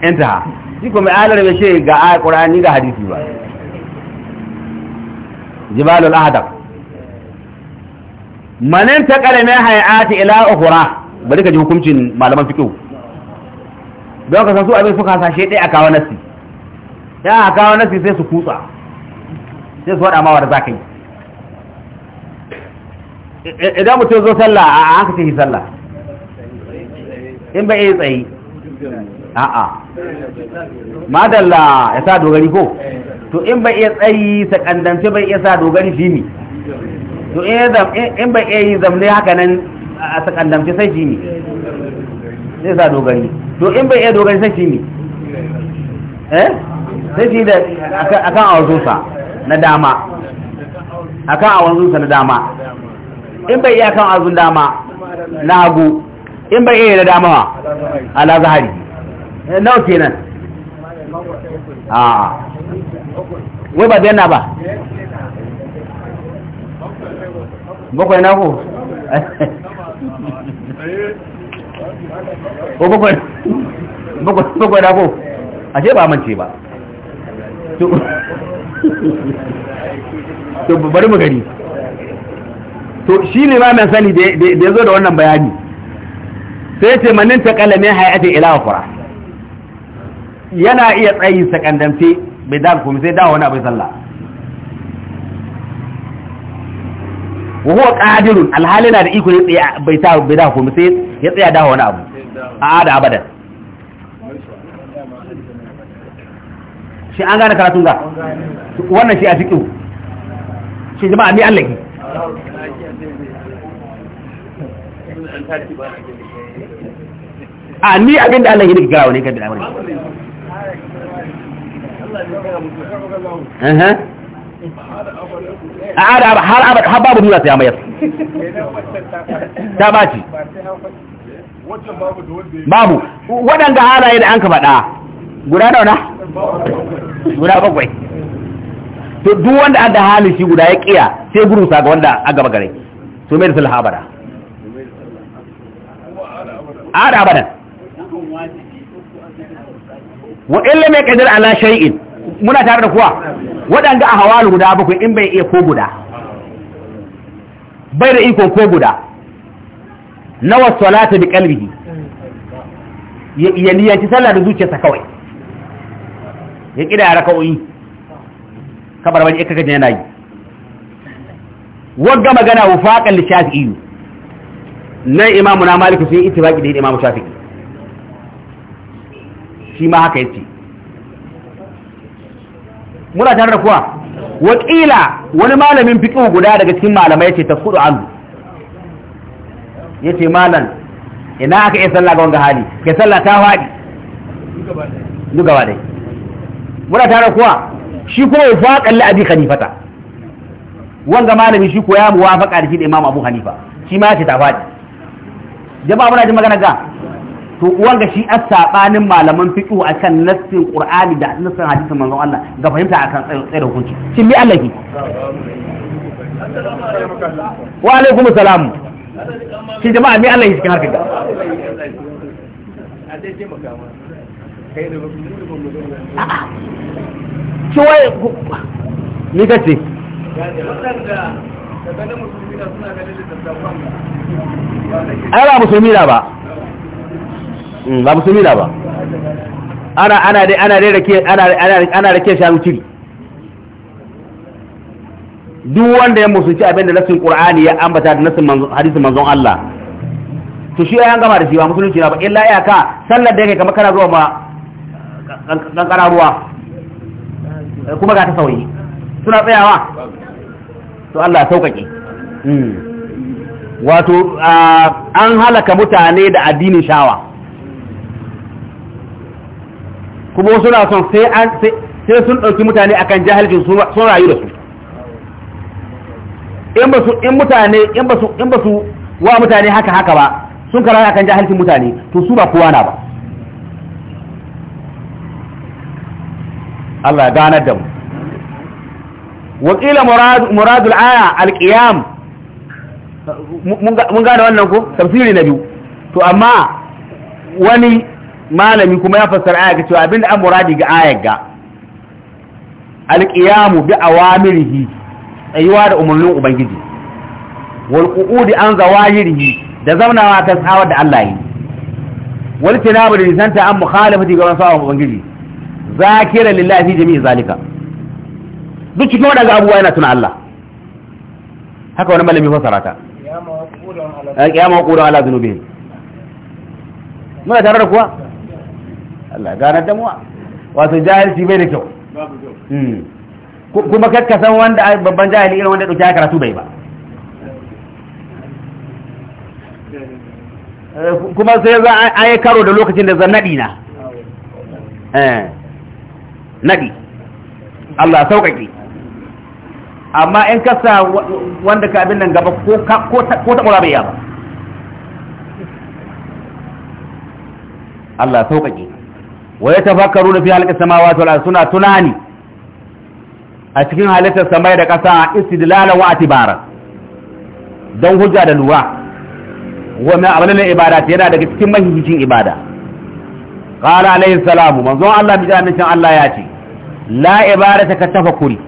inta shi kuma alar bai ce ga ƙur'ani ga hadisi ba jibalul ahadab manin ta kalamin hayati ila ukhra bari ka ji hukuncin malaman fiƙo don ka san su abin suka hasashe ɗaya a kawo nasi ya a kawo nasi sai su kutsa sai su waɗa mawa da za ka yi idan mutum zo sallah a an ka ce sallah in ba iya tsayi a'a madalla ya sa dogari ko to in ba iya tsayi sakandance bai iya sa dogari shi ne to in ba iya yi zamne haka nan a sakandamce sai shi ne zai sa dogari to in bai iya dogari sai shi ne eh sai shi da akan awazunsa na dama akan awazunsa na dama in bai iya kan azun dama na hagu in bai iya na dama wa ala zahari eh, nawa kenan a wai ba biyan na ba bakwai na ku ko bakwai bakwai da ashe ba mance ba to bari mu gani to shi ne ba mai sani da ya zo da wannan bayani sai ce manin ta kalamin hayatin ilawa kura yana iya tsayi sakandamce bai da kuma sai dawa wani abin sallah wa huwa qadirun alhali na da iko ne tsaya bai ta bai da komai sai ya tsaya da wani abu a da abadan shi an gane karatun ga wannan shi a cikin shi jama'a ni Allah ki a ni abin da Allah ya nake gawa ne kan da amurka a ada har abada har babu nuna sai mayar ta baci babu waɗanda halaye da an ka faɗa guda dauna guda bakwai to duk wanda an da halin shi guda ya ƙiya, sai sa ga wanda a gaba gare to mai da sulha abada ada abadan wa illa mai kadir ala shay'in muna tare da kuwa waɗanda a hawalu guda bakwai in bai iya ko guda bai da iko ko guda na wasu salata bi kalbihi ya niyanci sallah da zuciyarsa kawai ya kida ya ka kabar wani ikaka jin yana yi wagga magana wufaƙan da shafi'i nan imamu na maliki sun yi itibaki da yin imamu shafi'i shi ma haka yace muna tare da kuwa wakila wani malamin fiqh guda daga cikin malamai ce yace tafkudu an yace malan ina aka yi sallah ga wanga hali ke sallah ta fadi duka ba dai muna tare kuwa shi kuma ya faƙalli abi khalifata wanga malami shi ko ya muwafaqa da shi da imam abu hanifa shi ma ya ce ta fadi jama'a muna jin magana ga to wanga shi a sabanin malaman fiqh akan nassin qur'ani da nassin hadisin manzon Allah ga fahimta akan tsaye da hukunci shin mi Allah ki wa alaikum salam shin jama'a mi Allah ki cikin harkar da ki wai ni kace ai ba musulmi da ba Mm, ba musulmi na ba ana ana dai ana dai rake ana ana ana rake shanu ciri duk wanda ya musulci abinda nasin qur'ani ya ambata da nasin manzon hadisin manzon Allah to shi ya gama da shi ba musulunci na ba illa ka sallar da yake kamar kana zuwa ma kana ruwa kuma ga ta sauyi suna tsayawa to Allah ya saukake mm. wato ah, an halaka mutane da addinin shawa kuma wasu na son sai an sai sun ɗauki mutane akan jahilcin sun rayu da su in ba su in mutane in ba su in ba su wa mutane haka haka ba sun karaya akan jahilcin mutane to su ba kowa na ba Allah ganar da mu wakila muradul aya alqiyam mun gane wannan ko tafsiri na biyu to amma wani malami kuma ya fassara aya ga cewa abinda an muradi ga ayar ga alqiyamu bi awamirihi tsayuwa da umarnin ubangiji wal qu'udi an zawahirihi da zaunawa ta tsawar da Allah yi wal tinabu da an mukhalafati ga wasu ubangiji zakira lillahi fi jami'i zalika duk cikin wadanda abubuwa yana tuna Allah haka wani malami fassara ta qiyama wa qudun ala dhunubihim muna tare da kuwa Allah gane da mu wato jahilci bai da kyau hmm. kuma kakka san wanda babban jahili irin wanda ya karatu bai ba eh, kuma sai za a yi karo da lokacin da zan naɗi na eh. naɗi Allah sauƙaƙi amma in kasa wanda ka abin nan gaba ko taɓura bai ba. Allah sauƙaƙi wa ya tafakkaru da fi halƙa samawati wal suna tunani a cikin halittar samai da ƙasa istidlalan wa atibaran don hujja da lura wa min amalin ibada yana daga cikin mahimmancin ibada qala alayhi salamu manzon Allah bi jami'in Allah ya ce la ibadata ka tafakkuri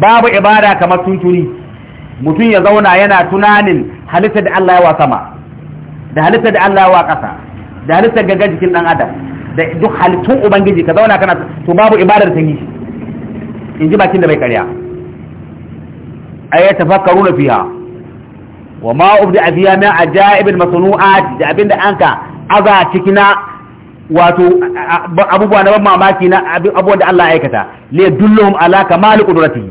babu ibada kamar tuntuni mutum ya zauna yana tunanin halittar da Allah ya wa sama da halittar da Allah ya wa ƙasa da halittar gaggajikin jikin dan adam da duk halittun ubangiji ka zauna kana to babu ibadar ta yi in ji bakin da bai karya ayyata fakaru na fiya wa ma ubdi afiya min ajaibin masanu'at da abinda anka aza cikina wato abubuwa na ban mamaki na abubuwan da Allah ya aikata li dulluhum ala kamal qudratihi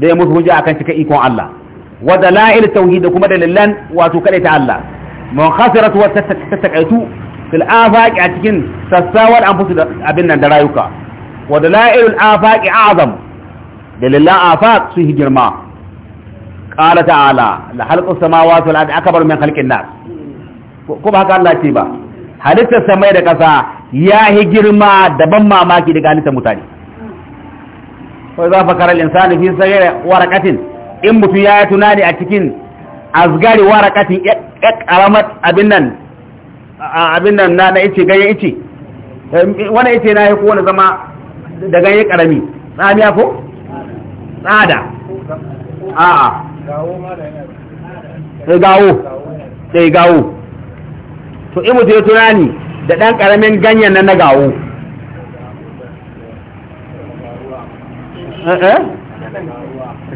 da ya musu hujja akan cika ikon Allah wa dalail tauhid da kuma dalilan wato kadaita Allah mun khasirat wa tattaqaitu fil afaqi a cikin sassawar anfusu da abin nan da rayuka wa dalailul afaqi azam dalilan afaq su girma qala ta'ala la khalqus samawati wal aka bar min khalqin nas ko ba haka Allah ce ba halittar samai da ƙasa ya yi girma daban mamaki daga halittar mutane ko za fa karal insani fi sayar waraqatin in mutum ya yi tunani a cikin asgari waraqatin ƙaramar abin nan abin nan na na ice ganyen ice eh, wani ice na ya ko wani zama da ganyen karami tsamiya ko tsada a'a sai eh, gawo sai eh, gawo to imu ta yi tunani da ɗan ƙaramin ganyen nan na gawo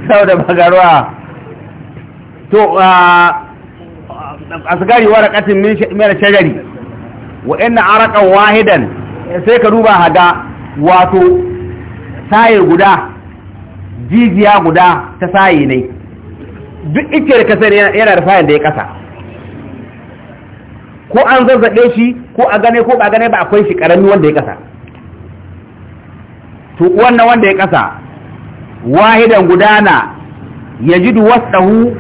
sau da bagarwa to ah, asgari waraqatin min shajari wa inna araqan wahidan sai ka duba haga wato saye guda jijiya guda ta saye ne duk ikkiyar kasar yana da fayin da ya kasa ko an zazzaɓe shi ko a gane ko ba gane ba akwai shi ƙarami wanda ya kasa to wannan wanda ya kasa wahidan gudana ya ji duwastahu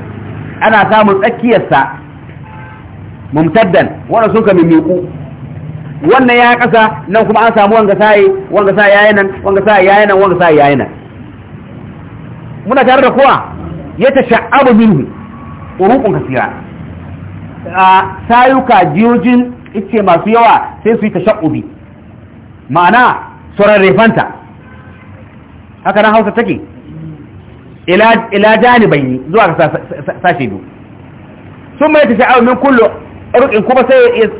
ana samun tsakiyarsa mumtaddan wannan sun ka mimmiku wannan ya kasa nan kuma an samu wanga sai wanga sai yayi nan wanga sai yayi nan wanga sai yayi nan muna tare da kowa ya tasha'abu minhu uruqun kasira sayuka jiyojin ice masu yawa sai su yi tashaqubi ma'ana sorarrefanta haka nan Hausa take ila ila janibai zuwa sashe biyu sun mai tasha'abu min kullum. rukin kuma sai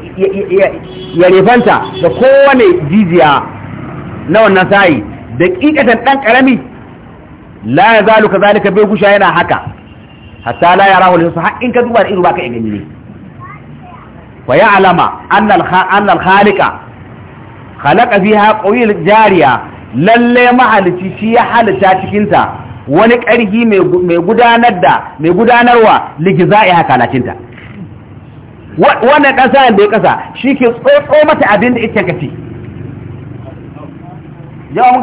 ya rifanta da kowane jijiya na wannan sayi da ƙiƙatan ɗan ƙarami la ya zalu ka zalika bai gusha yana haka hatta la ya rahu lisa in ka duba da ido baka gani ne wa ya alama annal halaka khalaqa fiha qawil jariya lalle mahalici shi ya halitta cikin wani ƙarfi mai gudanar da mai gudanarwa ligiza'i haka lakinta wannan ɗan da ya ƙasa shi ke tsotso mata abin da ita gaci. yawa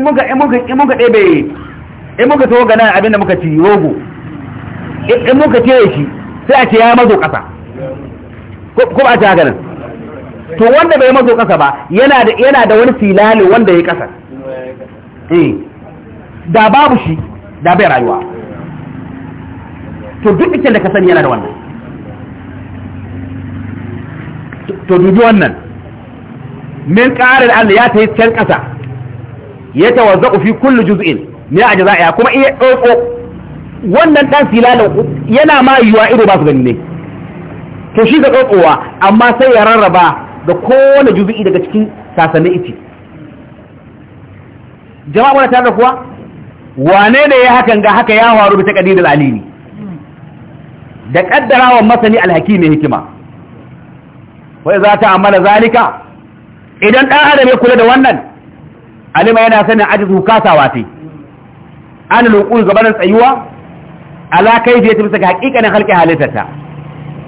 muka in muka muka ɗebe in muka to abin da muka ci rogo in muka ce shi sai a ce ya mazo ƙasa ko ba ta nan to wanda bai mazo ƙasa ba yana da wani filali wanda ya ƙasa eh, da babu shi da bai rayuwa to duk ikin da ka sani yana da wannan to dubi wannan min qarar Allah ya ta yi can kasa ya tawazza'u fi kullu juz'in ne a jaza'iya kuma iya ɗauko wannan ɗan filalin yana ma yuwa ido ba su gani ne to shi ga ɗaukowa amma sai ya rarraba da kowane juz'i daga cikin sasannin iti jama'a wannan tare da kuwa wane ne ya hakan ga haka ya faru bi ta ƙadirar alini da ƙaddarawan masani alhaki mai hikima wai za ta amala zalika idan ɗan adam ya kula da wannan alima yana sanin ajizu kasawa ce an lukun gabanin tsayuwa ala kai je ta bisa ga hakikanin halƙe halittarta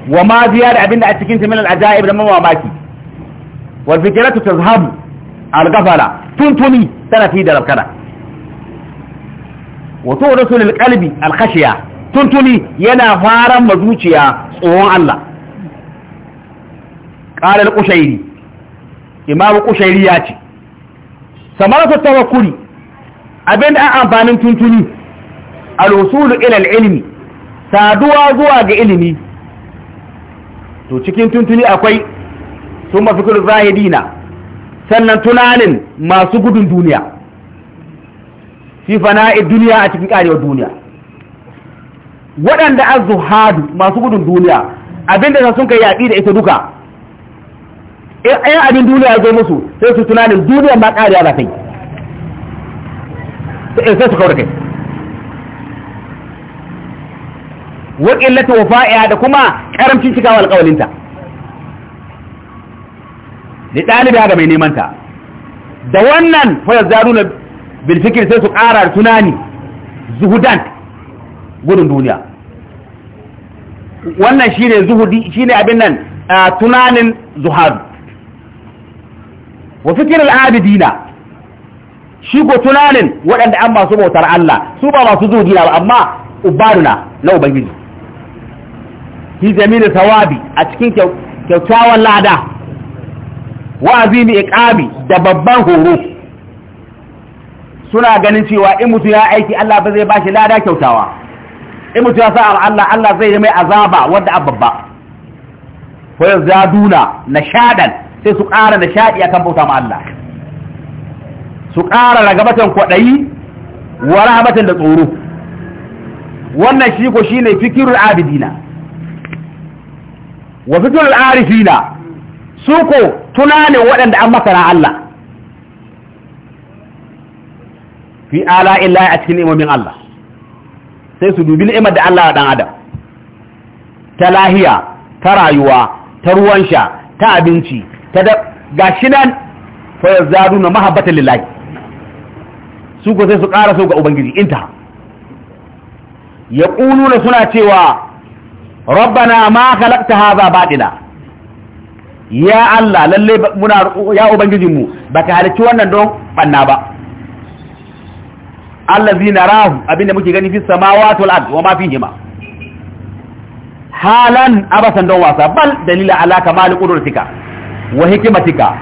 wa ma ziya da abinda a cikin timin al'ajaib da mamaki wal fikiratu tazhabu al-gafala tuntuni tana fi da rafkana wa tu rasulul qalbi al tuntuni yana faran mazuciya tsohon Allah قال القشيري إمام القشيري ياتي an التوكل tuntuni a تنتني الوصول ilimi العلم سادوا ga ilimi to cikin tuntuni akwai sun mafikir zahidina sannan tunanin masu gudun duniya fi fana'id duniya a cikin karewar duniya waɗanda azuhadu masu gudun duniya abinda sun kai yaƙi da ita duka in eh, ayan eh, abin duniya ya zo musu sai su tunanin duniya ma ƙariya ba ta yi eh, sai su kawar kai wa ƙillata ya da kuma ƙaramcin cikawa alƙawalinta da ɗalibi ga mai neman ta, da wannan fayar zaru na bilfikir sai su ƙara tunani zuhudan gudun duniya wannan shi ne zuhudi shi abin nan tunanin zuhadu wa fikir al'abidina shi ko tunanin waɗanda an masu bautar Allah su ba masu zogina ba amma ubaruna na ubangiji fi jamil tawabi a cikin kyakkyawan lada wa azimi iqabi da babban horo suna ganin cewa in mutu ya aiki Allah ba zai bashi lada kyautawa in mutu ya sa Allah Allah zai yi mai azaba wanda abba ko yazaduna nashadan sai su ƙara nishaɗi akan bauta ma Allah su ƙara batan kwaɗayi wa rahabatan da tsoro wannan shi ko shine fikirul abidina wa fikirul arifina su ko tunanin waɗanda an masana Allah fi ala illa a cikin imamin Allah sai su dubi ni'imar da Allah dan adam ta lahiya ta rayuwa ta ruwan sha ta abinci ta da gashi nan fa na mahabbatan lillahi su ko sai su ƙara so ga ubangiji inta yaquluna suna cewa rabbana ma haza hadha batila ya Allah lalle muna ya ubangijin mu baka halicci wannan don banna ba zina rahu abinda muke gani fi sama wato ard wa ma hima, halan abasan don wasa bal dalila ala kamal qudratika wa hikmatika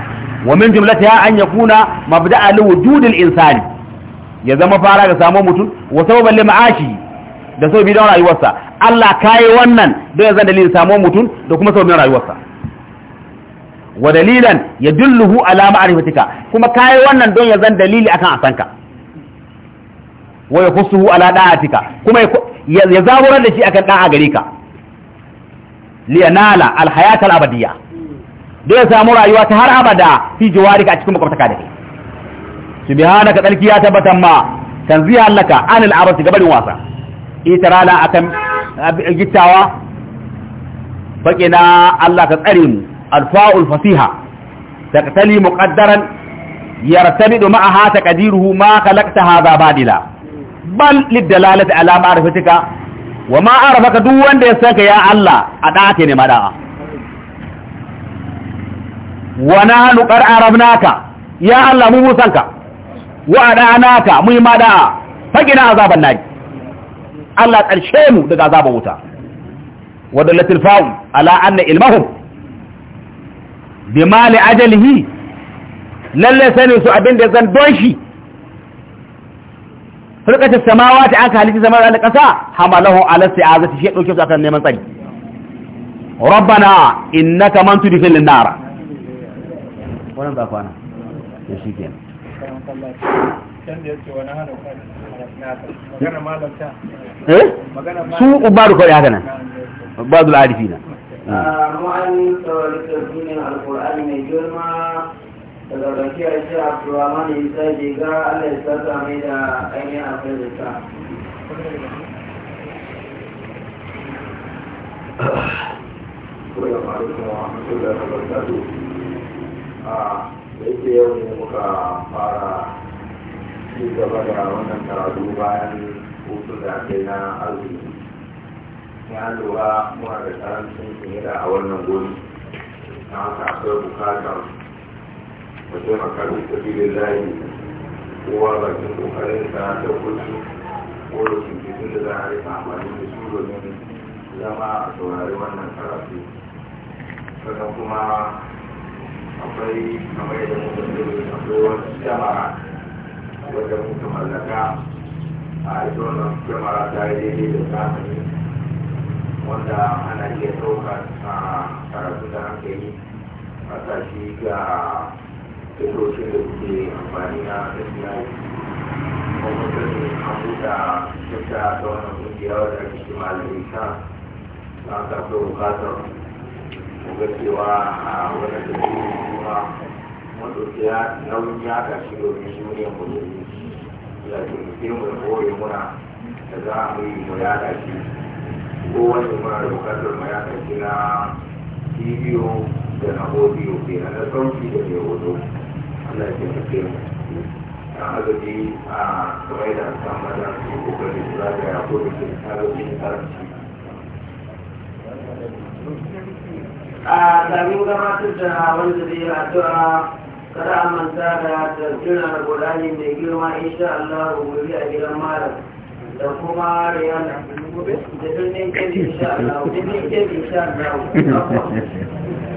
wa min jumlatiha an yakuna mabda'a li wujudil insani ya zama fara ga samu mutum wa sababan li ma'ashi da sababi don rayuwarsa Allah ka yi wannan don ya zan dalilin samu mutum da kuma sababin rayuwarsa wa dalilan ya yadulluhu ala ma'rifatika kuma ka yi wannan don ya zan dalili akan asanka wa ya yakhussuhu ala da'atika kuma ya zaburar da shi akan da'a gare ka liya liyanala alhayatal abadiyya don ya samu rayuwa ta har abada fi jawari a cikin ka da kai subhanaka tsarki ya tabbatan ma tanziya allaka anil abasi gabarin wasa ita rana akan gittawa faƙi na Allah ka tsare mu alfa'ul fasiha taqtali muqaddaran yartabidu ma'aha taqdiruhu ma khalaqta hadha badila bal lidalalati alama ma'rifatika wa ma duk wanda ya sanka ya Allah a da'a ne mada'a Wana nahnu qad ya Allah mu musanka wa adanaka mu yi mada fagina azaban nari Allah ƙarshe mu daga azaban wuta wadda dallatil fa'u ala anna ilmahum bima li ajalihi lalle sanin su abin da zan don shi firkatar samawa ta aka halitta zama da ƙasa hamalahu ala sa'azati shi dauke su akan neman tsari rabbana innaka man tudkhilin nara wannan za kwana to shi ke eh? su ubaru kawai haka nan ubaru al'arifi na mu'ayin tsawari tsarki ne alkur'ani mai girma daga bakiyar shi abdurrahman isa jiga allah ya mai da ainihin afirka Assalamu a yake yau ne muka fara ci gaba da wannan karatu bayan hutu da ake na arziki ya lura muna da karancin kimiyya a wannan guri na haka akwai bukatar mu taimaka da sabilin layi kowa bakin kokarin sa da kudu ko da kimkitin da za a rika amfani da su domin zama a saurari wannan karatu sannan kuma akwai kamar yadda muka sani akwai wata kyamara wadda muka mallaka a ita wannan jama'a ta yi daidai da zamani wanda ana iya ɗaukar a karatu da aka yi a sashi ga fitocin da suke amfani na tafiya kuma sani an buɗa tafiya ta wannan ƙungiya wadda ake shi malamai sha ta buƙatar ga cewa a wani dalilin kuma wanda ya nauyin ya ga shi domin shi ne mu yi ya ke mu da kore muna da za mu yi mu ya ga shi ko wani muna da bukatar mu ya ga shi na bidiyo da na audio ke na sauki da ke hoto Allah ya taimake mu a azabi a kamar da kan madan su kokarin da ya ko da ke tsarin karanci domin gabatar da wanda zai yi addu'a kada a manta da tarjuna da gudani mai girma insha Allah gobe a gidan malam da kuma riyana da birnin kebbi insha Allah birnin kebbi insha Allah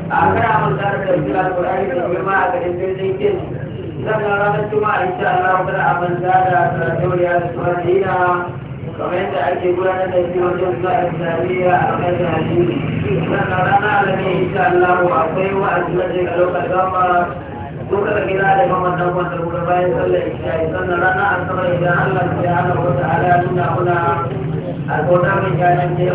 a kada a manta da tarjuna da gudani mai girma a garin birnin kebbi sannan ranar juma'a insha Allah kada a manta da tarjuna da gudani kamar yadda ake gudanar da shi wajen zuwa islamiyya a kan hadisi sannan rana da ne insha Allah akwai wa'azi na je ga lokacin gama duka da gida da mamman dan wanda kuka bayan sallar isha sannan rana asabar idan Allah ya hana wata ala nuna muna a gona mai jajen